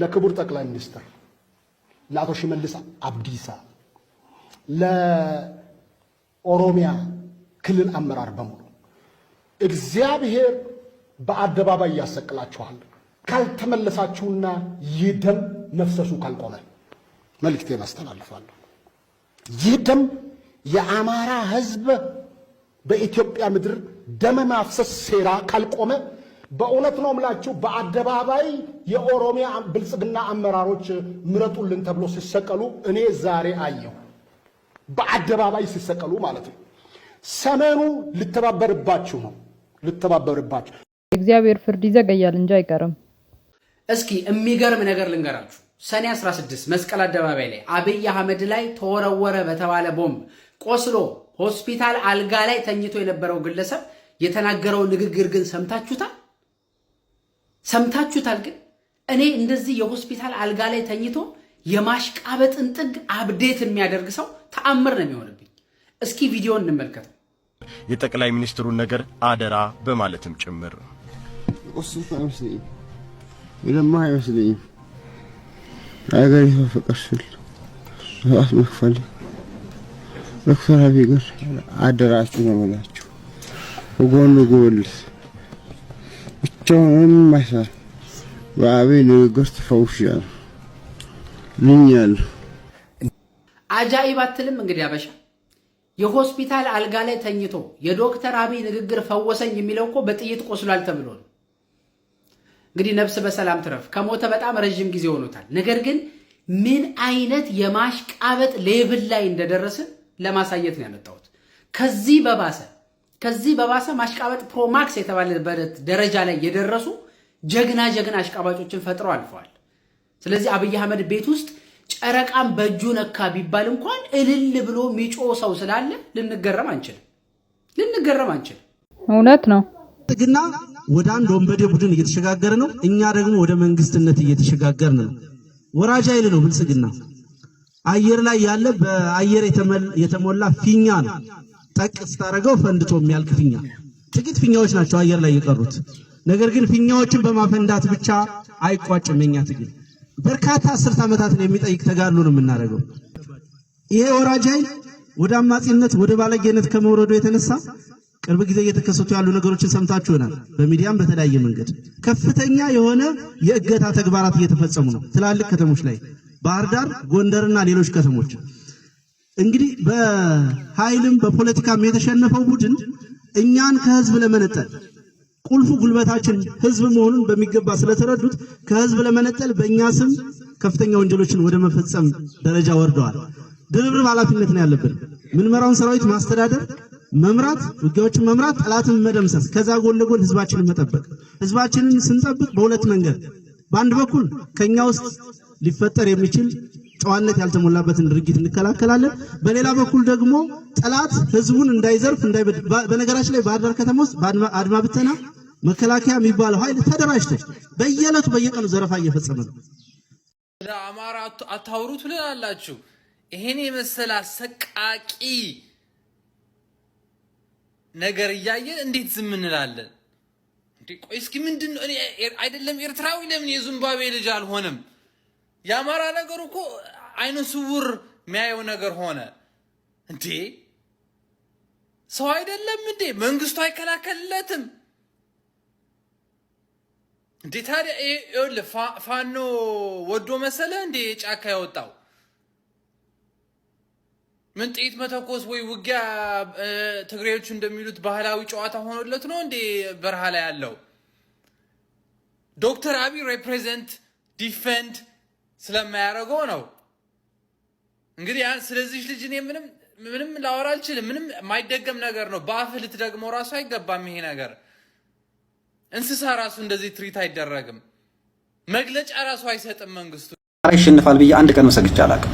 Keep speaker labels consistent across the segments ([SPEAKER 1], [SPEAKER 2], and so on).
[SPEAKER 1] ለክቡር ጠቅላይ ሚኒስትር ለአቶ ሽመልስ አብዲሳ ለኦሮሚያ ክልል አመራር በሙሉ እግዚአብሔር በአደባባይ ያሰቅላችኋል ካልተመለሳችሁና ይህ ደም መፍሰሱ ካልቆመ መልእክቴን አስተላልፋለሁ። ይህ ደም የአማራ ሕዝብ በኢትዮጵያ ምድር ደመ ማፍሰስ ሴራ ካልቆመ በእውነት ነው ምላችሁ በአደባባይ የኦሮሚያ ብልጽግና አመራሮች ምረጡልን ተብሎ ሲሰቀሉ እኔ ዛሬ አየሁ። በአደባባይ ሲሰቀሉ ማለት ነው። ሰሜኑ ልተባበርባችሁ ነው፣ ልተባበርባችሁ። እግዚአብሔር ፍርድ ይዘገያል እንጂ አይቀርም። እስኪ የሚገርም ነገር ልንገራችሁ። ሰኔ 16 መስቀል አደባባይ ላይ አብይ አህመድ ላይ ተወረወረ በተባለ ቦምብ ቆስሎ ሆስፒታል አልጋ ላይ ተኝቶ የነበረው ግለሰብ የተናገረው ንግግር ግን ሰምታችሁታል? ሰምታችሁታል። ግን እኔ እንደዚህ የሆስፒታል አልጋ ላይ ተኝቶ የማሽቃበጥን ጥግ አብዴት የሚያደርግ ሰው ተአምር ነው የሚሆንብኝ። እስኪ ቪዲዮ እንመልከተው። የጠቅላይ ሚኒስትሩን ነገር አደራ በማለትም ጭምር ቁስት አይመስለኝም፣ የለማ ፍቅር ስል መክፈል ዶክተር አብይ አደራችሁ ነው የምላችሁ ጎን ጎልስ ምንም አይሰራ በአብይ ንግግር ተፈውሻለሁ ልኛለሁ። አጃኢብ አትልም እንግዲህ አበሻ የሆስፒታል አልጋ ላይ ተኝቶ የዶክተር አብይ ንግግር ፈወሰኝ የሚለው እኮ በጥይት ቆስሏል ተብሎ ነው። እንግዲህ ነፍስ በሰላም ትረፍ። ከሞተ በጣም ረዥም ጊዜ ሆኖታል። ነገር ግን ምን አይነት የማሽቃበጥ ሌብል ላይ እንደደረስን ለማሳየት ነው ያመጣሁት። ከዚህ በባሰ ከዚህ በባሰ ማሽቃበጥ ፕሮማክስ የተባለበት ደረጃ ላይ የደረሱ ጀግና ጀግና አሽቃባጮችን ፈጥሮ አልፈዋል። ስለዚህ አብይ አህመድ ቤት ውስጥ ጨረቃን በእጁ ነካ ቢባል እንኳን እልል ብሎ ሚጮ ሰው ስላለ ልንገረም አንችልም፣ ልንገረም አንችልም። እውነት ነው። ግና ወደ አንድ ወንበዴ ቡድን እየተሸጋገረ ነው። እኛ ደግሞ ወደ መንግስትነት እየተሸጋገር ነው። ወራጅ ኃይል ነው ብልጽግና። አየር ላይ ያለ በአየር የተሞላ ፊኛ ነው። ጠቅ ስታደርገው ፈንድቶ የሚያልቅ ፊኛ ጥቂት ፊኛዎች ናቸው አየር ላይ የቀሩት። ነገር ግን ፊኛዎችን በማፈንዳት ብቻ አይቋጭም የኛ ትግል። በርካታ አስርት ዓመታትን የሚጠይቅ ተጋድሎ ነው የምናደርገው። ይሄ ወራጅ ኃይል ወደ አማጺነት ወደ ባለጌነት ከመውረዱ የተነሳ ቅርብ ጊዜ እየተከሰቱ ያሉ ነገሮችን ሰምታችሁ ይሆናል። በሚዲያም በተለያየ መንገድ ከፍተኛ የሆነ የእገታ ተግባራት እየተፈጸሙ ነው። ትላልቅ ከተሞች ላይ ባህር ዳር፣ ጎንደርና ሌሎች ከተሞች እንግዲህ በኃይልም በፖለቲካም የተሸነፈው ቡድን እኛን ከህዝብ ለመነጠል ቁልፉ ጉልበታችን ህዝብ መሆኑን በሚገባ ስለተረዱት ከህዝብ ለመነጠል በእኛ ስም ከፍተኛ ወንጀሎችን ወደ መፈጸም ደረጃ ወርደዋል። ድርብርብ ኃላፊነት ነው ያለብን። ምንመራውን ሰራዊት ማስተዳደር፣ መምራት፣ ውጊያዎችን መምራት፣ ጠላትን መደምሰስ፣ ከዛ ጎን ለጎን ህዝባችንን መጠበቅ። ህዝባችንን ስንጠብቅ በሁለት መንገድ፣ በአንድ በኩል ከኛ ውስጥ ሊፈጠር የሚችል ጨዋነት ያልተሞላበትን ድርጊት እንከላከላለን። በሌላ በኩል ደግሞ ጠላት ህዝቡን እንዳይዘርፍ በነገራችን ላይ ባህር ዳር ከተማ ውስጥ አድማ ብተና መከላከያ የሚባለው ኃይል ተደራጅቶ በየዕለቱ በየቀኑ ዘረፋ እየፈጸመ ነው። ለአማራ አታውሩ ትላላችሁ። ይሄን የመሰለ አሰቃቂ ነገር እያየን እንዴት ዝም እንላለን? ቆይ እስኪ ምንድን ነው አይደለም ኤርትራዊ ለምን የዙምባቤ ልጅ አልሆነም? የአማራ ነገር እኮ አይነ ስውር የሚያየው ነገር ሆነ እንዴ! ሰው አይደለም እንዴ? መንግስቱ አይከላከልለትም እንዴ? ታዲያ ይኸውልህ ፋኖ ወዶ መሰለ እንዴ ጫካ ያወጣው? ምን ጥይት መተኮስ ወይ ውጊያ ትግሬዎቹ እንደሚሉት ባህላዊ ጨዋታ ሆኖለት ነው እንዴ በረሃ ላይ ያለው? ዶክተር አብይ ሬፕሬዘንት ዲፌንድ ስለማያደርገው ነው። እንግዲህ ያን ስለዚህ ልጅ እኔ ምንም ምንም ላወራ አልችልም። ምንም የማይደገም ነገር ነው። በአፍህ ልትደግመው ራሱ አይገባም ይሄ ነገር። እንስሳ ራሱ እንደዚህ ትሪት አይደረግም። መግለጫ ራሱ አይሰጥም መንግስቱ። አማራ ይሸንፋል ብዬ አንድ ቀን መሰግቼ አላውቅም።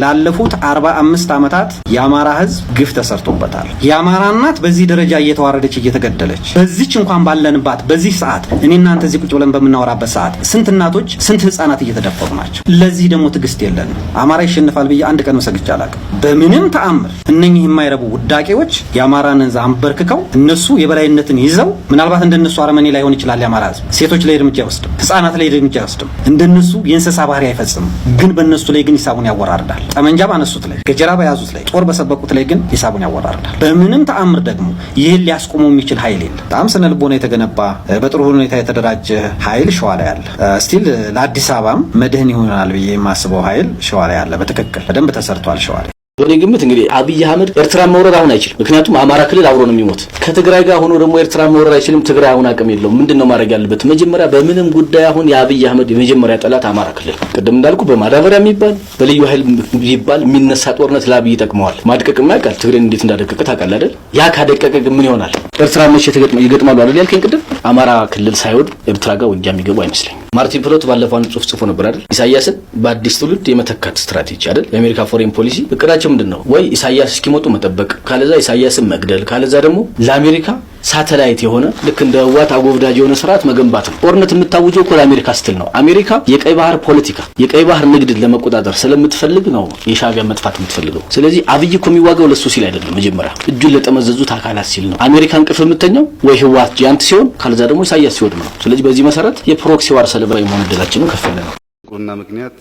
[SPEAKER 1] ላለፉት አርባ አምስት ዓመታት የአማራ ህዝብ ግፍ ተሰርቶበታል። የአማራ እናት በዚህ ደረጃ እየተዋረደች እየተገደለች፣ በዚች እንኳን ባለንባት በዚህ ሰዓት እኔ እናንተ እዚህ ቁጭ ብለን በምናወራበት ሰዓት ስንት እናቶች ስንት ህጻናት እየተደፈሩ ናቸው። ለዚህ ደግሞ ትዕግስት የለን። አማራ ይሸንፋል ብዬ አንድ ቀን መሰግቼ አላውቅም። በምንም ተአምር እነኚህ የማይረቡ ውዳቄዎች የአማራን ሕዝብ አንበርክከው እነሱ የበላይነትን ይዘው ምናልባት እንደነሱ አረመኔ ላይሆን ይችላል የአማራ ህዝብ ሴቶች ላይ እርምጃ አይወስድም፣ ህጻናት ላይ እርምጃ አይወስድም። እንደነሱ የእንስሳ ባህሪ አይፈጽም። ግን በእነሱ ላይ ግን ሂሳቡን ያወራርዳል። ጠመንጃ ባነሱት ላይ፣ ገጀራ በያዙት ላይ፣ ጦር በሰበቁት ላይ ግን ሂሳቡን ያወራርዳል። በምንም ተአምር ደግሞ ይህን ሊያስቆመው የሚችል ኃይል የለም። በጣም ስነ ልቦና የተገነባ በጥሩ ሁኔታ የተደራጀ ኃይል ሸዋ ላይ አለ። ስቲል ለአዲስ አበባም መድህን ይሆናል ብዬ የማስበው ኃይል ሸዋ ላይ አለ። በትክክል በደንብ ተሰርቷል ሸዋ ላይ በእኔ ግምት እንግዲህ አብይ አህመድ ኤርትራ መውረድ አሁን አይችልም። ምክንያቱም አማራ ክልል አብሮ ነው የሚሞት። ከትግራይ ጋር ሆኖ ደግሞ ኤርትራ መውረድ አይችልም። ትግራይ አሁን አቅም የለውም። ምንድን ነው ማድረግ ያለበት? መጀመሪያ በምንም ጉዳይ አሁን የአብይ አህመድ የመጀመሪያ ጠላት አማራ ክልል፣ ቅድም እንዳልኩ በማዳበሪያ የሚባል በልዩ ኃይል የሚባል የሚነሳ ጦርነት ለአብይ ይጠቅመዋል። ማድቀቅማ ያውቃል። ትግሬን እንዴት እንዳደቀቀ ታውቃለህ አይደል? ያ ካደቀቀ ምን ይሆናል? ኤርትራ መቼ ይገጥማሉ አይደል ያልከኝ ቅድም። አማራ ክልል ሳይወድ ኤርትራ ጋር ውጊያ የሚገቡ አይመስለኝም። ማርቲን ፕሎት ባለፈው አንድ ጽሁፍ ጽፎ ነበር አይደል? ኢሳያስን በአዲስ ትውልድ የመተካት ስትራቴጂ አይደል? የአሜሪካ ፎሬን ፖሊሲ እቅዳቸው ምንድን ነው ወይ ኢሳያስ እስኪመጡ መጠበቅ፣ ካለዛ ኢሳያስን መግደል፣ ካለዛ ደግሞ ለአሜሪካ ሳተላይት የሆነ ልክ እንደ ህወሓት አጎብዳጅ የሆነ ስርዓት መገንባት ነው። ጦርነት የምታውጀው እኮ ለአሜሪካ ስትል ነው። አሜሪካ የቀይ ባህር ፖለቲካ የቀይ ባህር ንግድ ለመቆጣጠር ስለምትፈልግ ነው የሻቢያ መጥፋት የምትፈልገው። ስለዚህ አብይ እኮ የሚዋጋው ለሱ ሲል አይደለም፣ መጀመሪያ እጁን ለጠመዘዙት አካላት ሲል ነው። አሜሪካን ቅፍ የምተኛው ወይ ህዋት ጃንት ሲሆን ካለዛ ደግሞ ኢሳያስ ሲወድም ነው። ስለዚህ በዚህ መሰረት የፕሮክሲ ዋር ሰለባ የመሆን እድላችንን ከፍ ያለ ነው። ቁና ምክንያት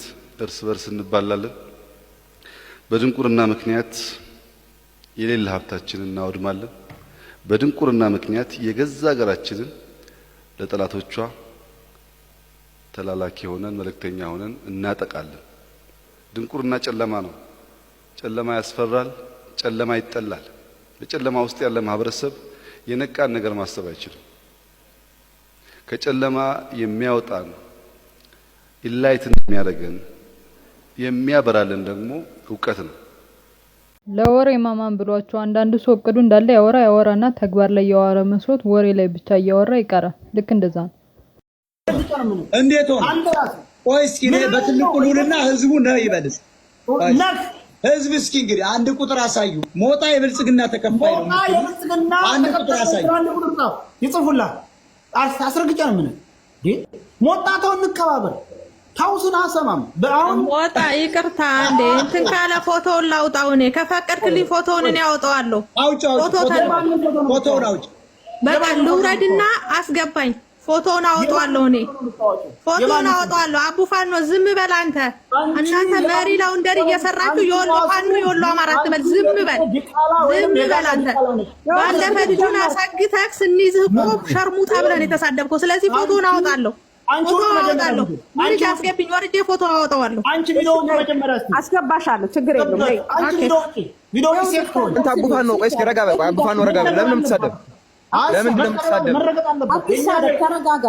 [SPEAKER 1] እርስ በርስ እንባላለን። በድንቁርና ምክንያት የሌለ ሀብታችንን እናወድማለን። በድንቁርና ምክንያት የገዛ ሀገራችንን ለጠላቶቿ ተላላኪ ሆነን መልእክተኛ ሆነን እናጠቃለን። ድንቁርና ጨለማ ነው። ጨለማ ያስፈራል። ጨለማ ይጠላል። በጨለማ ውስጥ ያለ ማህበረሰብ የነቃን ነገር ማሰብ አይችልም። ከጨለማ የሚያወጣን ኢላይትን የሚያደርገን የሚያበራልን ደግሞ እውቀት ነው። ለወሬ ማማን ብሏቸው አንዳንዱ ሰው እቅዱ እንዳለ ያወራ ያወራና ተግባር ላይ ያወራ መስሎት ወሬ ላይ ብቻ እያወራ ይቀራል። ልክ እንደዛ ነው። እንዴት ሆነ? ቆይ እስኪ በትልቁ ልሁንና ህዝቡ ነው ይበልስ ህዝብ እስኪ እንግዲህ አንድ ቁጥር አሳዩ። ሞጣ የብልጽግና ተከፋይ ነው። አንድ ቁጥር አሳዩ። ይጽፉላ አስረግጫ ነው ምን ሞጣ ተው እንከባበር ታውስን አሰማም በአሁን ወጣ ይቅርታ፣ እንዴ እንትን ካለ ፎቶውን ላውጣው። እኔ ከፈቀድክልኝ ፎቶውን እኔ አውጣዋለሁ። ፎቶውን አውጭ፣ በቃ ልውረድና አስገባኝ። ፎቶውን አወጣዋለሁ። እኔ ፎቶውን አወጣዋለሁ። አቡ ፋኖ ዝም በል አንተ። እናንተ መሪ ለውንደር እየሰራችሁ የወሎ ፋኖ የወሎ አማራ ትበል። ዝም በል ዝም በል አንተ። ባለፈ ልጁን አሳግተህ ስንይዝህ እኮ ሸርሙጣ ብለን የተሳደብከው። ስለዚህ ፎቶውን አወጣለሁ። አስገብኝ ወርጄ ፎቶ አወጣዋለሁ። አንቺ ቪዲዮውን መጀመሪያ አስገባሻለሁ። ችግር የለውም። አጉፋ ነው። ቆይ እስኪ ረጋ በቃ አጉፋ ነው። ረጋ በቃ። ለምን የምትሳደብ? ለምን የምትሳደብ? አትሳደብ፣ ተረጋጋ።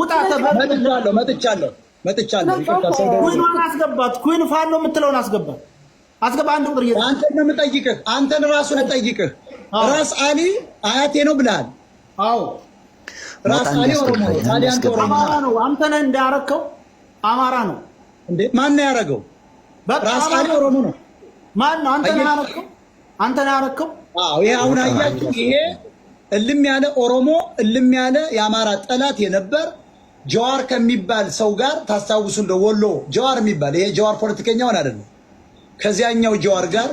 [SPEAKER 1] ውጣ። መጥቻለሁ፣ መጥቻለሁ፣ መጥቻለሁ። ኩይኗን አስገባት። ኩይን ፋኖ የምትለውን አስገባት፣ አስገባ። አንድ ቁጥር እየ አንተን ነው የምጠይቅህ። አንተን ራሱ ነው የምጠይቅህ። ራስ አሊ አያቴ ነው ብለሃል። አዎ አንተ ነህ አማራ ነው እንዴ? ማን ነው ያረገው? ራስ አሊ ኦሮሞ ነው። ማን ነው? አንተ ነህ ያረከው? አንተ ነህ ያረከው? አዎ። ይሄ አሁን አያችሁ፣ ይሄ እልም ያለ ኦሮሞ እልም ያለ የአማራ ጠላት የነበር ጀዋር ከሚባል ሰው ጋር ታስታውሱ እንደ ወሎ ጀዋር የሚባል ይሄ ጀዋር ፖለቲከኛውን አይደለም ከዚያኛው ጀዋር ጋር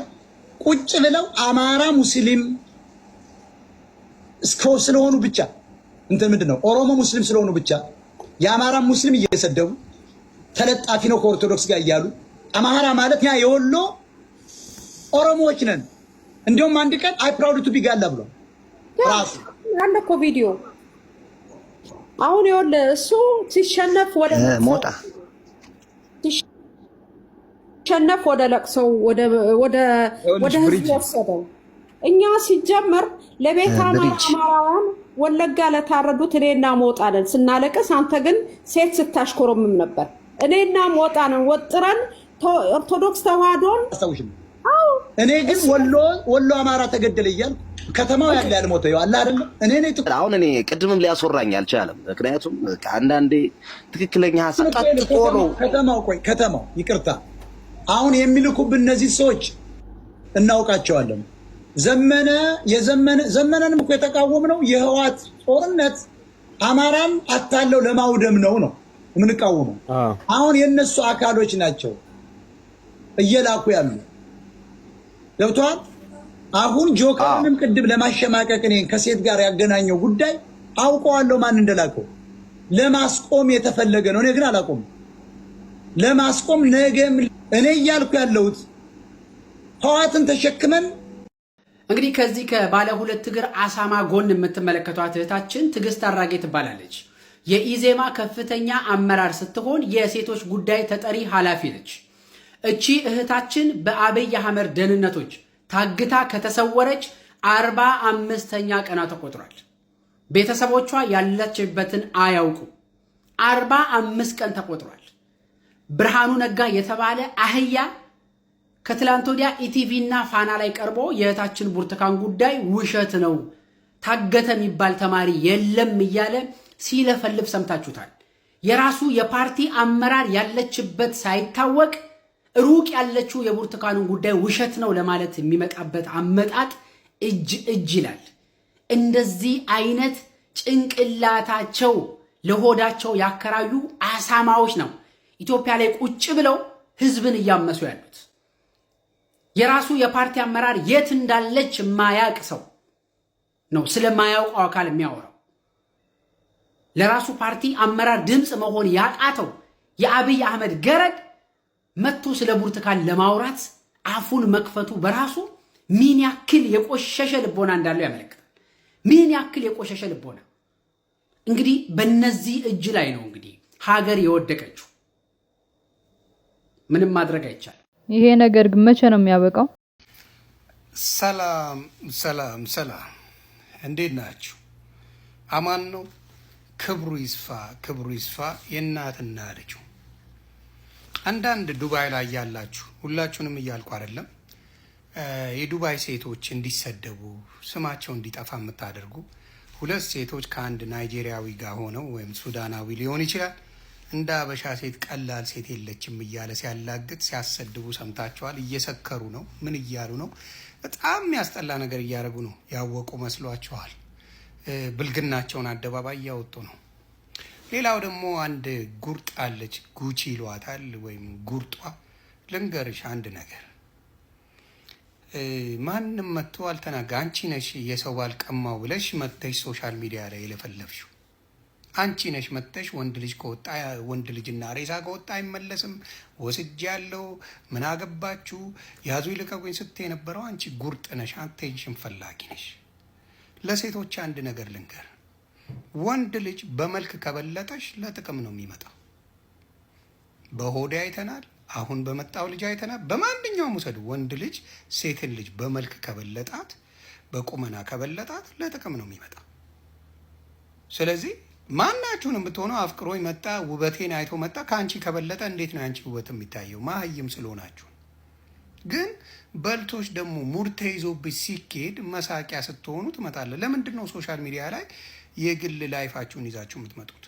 [SPEAKER 1] ቁጭ ብለው አማራ ሙስሊም እስከ ስለሆኑ ብቻ እንትን ምንድን ነው ኦሮሞ ሙስሊም ስለሆኑ ብቻ የአማራ ሙስሊም እየሰደቡ ተለጣፊ ነው ከኦርቶዶክስ ጋር እያሉ አማራ ማለት ያ የወሎ ኦሮሞዎች ነን። እንዲሁም አንድ ቀን አይ ፕራውድ ቱ ቢጋላ ብሎ ራሱ አንድ እኮ ቪዲዮ አሁን የወለ እሱ ሲሸነፍ ወደ ሞጣ ሲሸነፍ ወደ ለቅሶ ወደ ወደ ወደ ህዝብ ወሰደው። እኛ ሲጀመር ለቤት አማራውያን ወለጋ ለታረዱት እኔና ሞጣ ነን ስናለቅስ፣ አንተ ግን ሴት ስታሽኮረምም ነበር። እኔና ሞጣ ነን ወጥረን ኦርቶዶክስ ተዋህዶን እኔ ግን ወሎ ወሎ አማራ ተገደለ እያልኩ ከተማው ያለ ያልሞተ አለ አይደለም። እኔ አሁን እኔ ቅድምም ሊያስወራኝ አልቻለም። ምክንያቱም አንዳንዴ ትክክለኛ ሀሳብ ከተማው። ቆይ ከተማው ይቅርታ፣ አሁን የሚልኩብ እነዚህ ሰዎች እናውቃቸዋለን። ዘመነ የዘመነ ዘመነንም እኮ ነው የህዋት ጦርነት አማራም አታለው ለማውደም ነው ነው የምንቃወመው። አሁን የነሱ አካሎች ናቸው እየላኩ ያሉ ገብቷል። አሁን ጆከርንም ቅድም ለማሸማቀቅ እኔን ከሴት ጋር ያገናኘው ጉዳይ አውቀዋለሁ ማን እንደላከው ለማስቆም የተፈለገ ነው። እኔ ግን አላቆም ለማስቆም ነገም እኔ እያልኩ ያለሁት ህዋትን ተሸክመን እንግዲህ ከዚህ ከባለ ሁለት እግር አሳማ ጎን የምትመለከቷት እህታችን ትዕግስት አራጌ ትባላለች። የኢዜማ ከፍተኛ አመራር ስትሆን የሴቶች ጉዳይ ተጠሪ ኃላፊ ነች። እቺ እህታችን በአብይ አህመድ ደህንነቶች ታግታ ከተሰወረች አርባ አምስተኛ ቀና ተቆጥሯል። ቤተሰቦቿ ያለችበትን አያውቁ። አርባ አምስት ቀን ተቆጥሯል። ብርሃኑ ነጋ የተባለ አህያ ከትላንት ወዲያ ኢቲቪ እና ፋና ላይ ቀርቦ የእህታችን ብርቱካን ጉዳይ ውሸት ነው፣ ታገተ የሚባል ተማሪ የለም እያለ ሲለፈልፍ ሰምታችሁታል። የራሱ የፓርቲ አመራር ያለችበት ሳይታወቅ ሩቅ ያለችው የብርቱካንን ጉዳይ ውሸት ነው ለማለት የሚመጣበት አመጣጥ እጅ እጅ ይላል። እንደዚህ አይነት ጭንቅላታቸው ለሆዳቸው ያከራዩ አሳማዎች ነው ኢትዮጵያ ላይ ቁጭ ብለው ህዝብን እያመሱ ያሉት። የራሱ የፓርቲ አመራር የት እንዳለች የማያውቅ ሰው ነው ስለማያውቀው አካል የሚያወራው። ለራሱ ፓርቲ አመራር ድምፅ መሆን ያቃተው የአብይ አህመድ ገረድ መጥቶ ስለ ብርቱካን ለማውራት አፉን መክፈቱ በራሱ ምን ያክል የቆሸሸ ልቦና እንዳለው ያመለክታል። ምን ያክል የቆሸሸ ልቦና። እንግዲህ በነዚህ እጅ ላይ ነው እንግዲህ ሀገር የወደቀችው። ምንም ማድረግ አይቻልም። ይሄ ነገር ግን መቼ ነው የሚያበቃው? ሰላም ሰላም ሰላም፣ እንዴት ናችሁ? አማን ነው። ክብሩ ይስፋ፣ ክብሩ ይስፋ። የእናትና ልጁ አንዳንድ ዱባይ ላይ ያላችሁ ሁላችሁንም እያልኩ አይደለም፣ የዱባይ ሴቶች እንዲሰደቡ ስማቸው እንዲጠፋ የምታደርጉ ሁለት ሴቶች ከአንድ ናይጄሪያዊ ጋር ሆነው ወይም ሱዳናዊ ሊሆን ይችላል እንደ አበሻ ሴት ቀላል ሴት የለችም እያለ ሲያላግጥ ሲያሰድቡ ሰምታችኋል። እየሰከሩ ነው። ምን እያሉ ነው? በጣም የሚያስጠላ ነገር እያደረጉ ነው። ያወቁ መስሏችኋል። ብልግናቸውን አደባባይ እያወጡ ነው። ሌላው ደግሞ አንድ ጉርጥ አለች፣ ጉቺ ይሏታል ወይም ጉርጧ። ልንገርሽ አንድ ነገር ማንም መጥቶ አልተናገ አንቺ ነሽ የሰው ባል ቀማው ብለሽ መጥተሽ ሶሻል ሚዲያ ላይ የለፈለፍሽው አንቺ ነሽ መጥተሽ ወንድ ልጅ ከወጣ ወንድ ልጅና ሬሳ ከወጣ አይመለስም፣ ወስጅ ያለው ምን አገባችሁ ያዙ ይልቀቁኝ ስት የነበረው አንቺ ጉርጥ ነሽ፣ አቴንሽን ፈላጊ ነሽ። ለሴቶች አንድ ነገር ልንገር፣ ወንድ ልጅ በመልክ ከበለጠሽ ለጥቅም ነው የሚመጣው። በሆዴ አይተናል፣ አሁን በመጣው ልጅ አይተናል። በማንኛውም ውሰዱ፣ ወንድ ልጅ ሴትን ልጅ በመልክ ከበለጣት፣ በቁመና ከበለጣት ለጥቅም ነው የሚመጣው። ስለዚህ ማናችሁንም የምትሆነው አፍቅሮ መጣ፣ ውበቴን አይቶ መጣ። ከአንቺ ከበለጠ እንዴት ነው የአንቺ ውበት የሚታየው? ማህይም ስለሆናችሁ። ግን በልቶች ደግሞ ሙድ ተይዞብሽ ሲኬድ መሳቂያ ስትሆኑ ትመጣለ። ለምንድን ነው ሶሻል ሚዲያ ላይ የግል ላይፋችሁን ይዛችሁ የምትመጡት?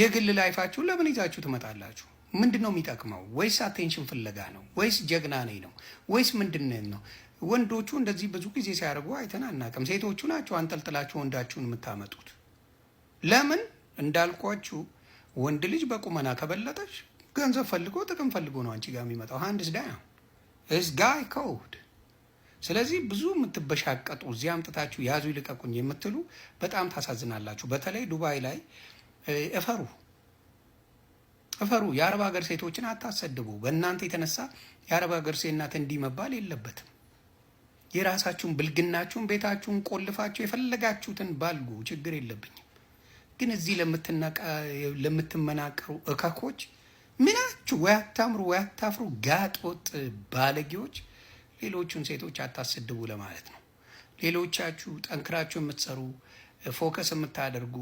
[SPEAKER 1] የግል ላይፋችሁን ለምን ይዛችሁ ትመጣላችሁ? ምንድን ነው የሚጠቅመው? ወይስ አቴንሽን ፍለጋ ነው? ወይስ ጀግና ነኝ ነው? ወይስ ምንድን ነው? ወንዶቹ እንደዚህ ብዙ ጊዜ ሲያደርጉ አይተን አናውቅም። ሴቶቹ ናቸው አንጠልጥላችሁ ወንዳችሁን የምታመጡት። ለምን እንዳልኳችሁ ወንድ ልጅ በቁመና ከበለጠች ገንዘብ ፈልጎ ጥቅም ፈልጎ ነው አንቺ ጋር የሚመጣው። አንድ ስዳ ነው እስ ጋይ ከውድ ስለዚህ ብዙ የምትበሻቀጡ እዚህ አምጥታችሁ ያዙ ይልቀቁኝ የምትሉ በጣም ታሳዝናላችሁ። በተለይ ዱባይ ላይ እፈሩ እፈሩ። የአረብ ሀገር ሴቶችን አታሰድቡ። በእናንተ የተነሳ የአረብ ሀገር ሴት ናት እንዲህ መባል የለበትም። የራሳችሁን ብልግናችሁን ቤታችሁን ቆልፋችሁ የፈለጋችሁትን ባልጉ፣ ችግር የለብኝም። ግን እዚህ ለምትመናቀሩ እከኮች ምናችሁ ወይ አታምሩ ወይ አታፍሩ፣ ጋጦጥ ባለጌዎች፣ ሌሎቹን ሴቶች አታስድቡ ለማለት ነው። ሌሎቻችሁ ጠንክራችሁ የምትሰሩ ፎከስ የምታደርጉ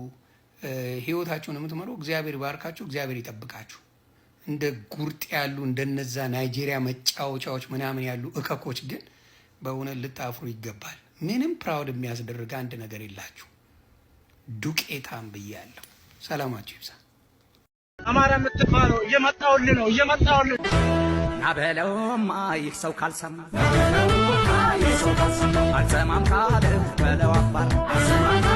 [SPEAKER 1] ህይወታችሁን የምትመሩ እግዚአብሔር ባርካችሁ፣ እግዚአብሔር ይጠብቃችሁ። እንደ ጉርጥ ያሉ እንደነዛ ናይጄሪያ መጫወቻዎች ምናምን ያሉ እከኮች ግን በእውነት ልታፍሩ ይገባል። ምንም ፕራውድ የሚያስደርግ አንድ ነገር የላችሁ። ዱቄታም ብያለሁ። ሰላማችሁ ይብዛ። አማራ የምትባለው እየመጣውል ነው እየመጣውል ናበለውም አይህ ሰው ካልሰማ አልሰማም ካለ በለው አባር